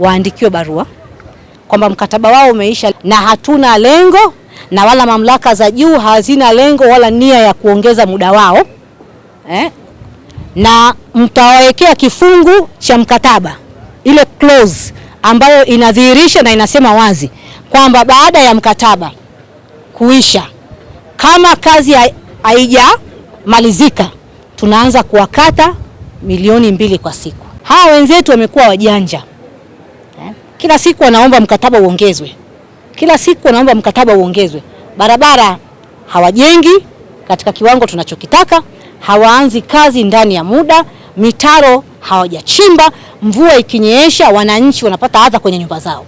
waandikiwe barua kwamba mkataba wao umeisha, na hatuna lengo na wala mamlaka za juu hazina lengo wala nia ya kuongeza muda wao eh? na mtawawekea kifungu cha mkataba, ile clause ambayo inadhihirisha na inasema wazi kwamba baada ya mkataba kuisha, kama kazi haijamalizika, tunaanza kuwakata milioni mbili kwa siku. Hawa wenzetu wamekuwa wajanja. Kila siku wanaomba mkataba uongezwe, kila siku wanaomba mkataba uongezwe. Barabara hawajengi katika kiwango tunachokitaka, hawaanzi kazi ndani ya muda, mitaro hawajachimba. Mvua ikinyesha, wananchi wanapata adha kwenye nyumba zao,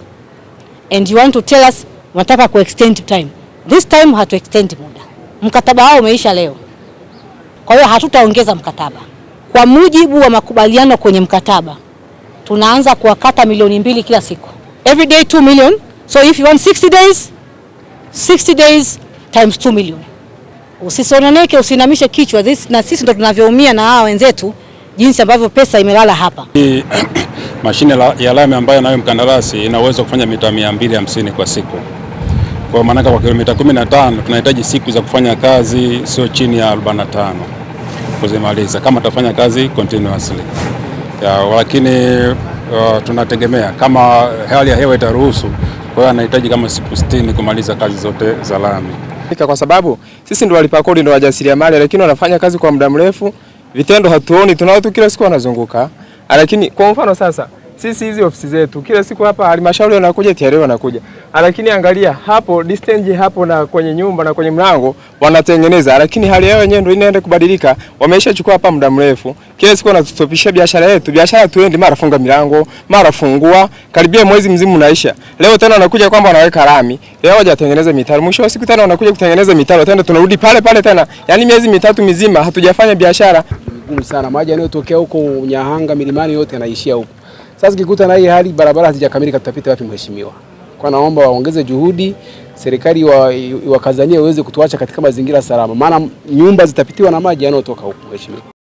and you want to tell us wanataka ku extend time. This time hatu extend muda, mkataba wao umeisha leo, kwa hiyo hatutaongeza mkataba kwa mujibu wa makubaliano kwenye mkataba tunaanza kuwakata milioni mbili kila siku, every day 2 million. So if you want 60 days, 60 days times 2 million. Usisononeke, usinamishe kichwa this, na sisi ndo tunavyoumia na hawa wenzetu jinsi ambavyo pesa imelala hapa. Mashine la, ya lami ambayo nayo mkandarasi ina uwezo kufanya mita 250 kwa siku, kwa maana kwa kilomita 15 tunahitaji siku za kufanya kazi sio chini ya 45 kuzimaliza, kama tafanya kazi continuously ya, lakini uh, tunategemea kama hali ya hewa itaruhusu. Kwa hiyo anahitaji kama siku 60 kumaliza kazi zote za lami, kwa sababu sisi ndio walipa kodi, ndo wajasiriamali, lakini wanafanya kazi kwa muda mrefu, vitendo hatuoni, tunao tu kila siku wanazunguka. Lakini kwa mfano sasa sisi hizi ofisi zetu kila siku hapa halmashauri wanakuja TRA wanakuja, ah, lakini angalia hapo distance hapo na kwenye nyumba na kwenye mlango wanatengeneza, lakini hali yao wenyewe ndio inaenda kubadilika. Wameshachukua hapa muda mrefu, kila siku wanatustopisha biashara yetu, biashara tuende, mara funga milango, mara fungua, karibia mwezi mzima unaisha. Leo tena wanakuja kwamba wanaweka lami, leo hawajatengeneza mitaro, mwisho wa siku tena wanakuja kutengeneza mitaro tena, tunarudi pale pale tena, yani miezi mitatu mizima hatujafanya biashara magumu sana, maji yanayotokea huko Nyahanga milimani yote yanaishia huko. Sasa kikuta na hii hali barabara hazijakamilika, tutapita wapi mheshimiwa? Kwa naomba waongeze juhudi, serikali wa wa iweze kutuacha katika mazingira salama, maana nyumba zitapitiwa na maji yanayotoka huko mheshimiwa.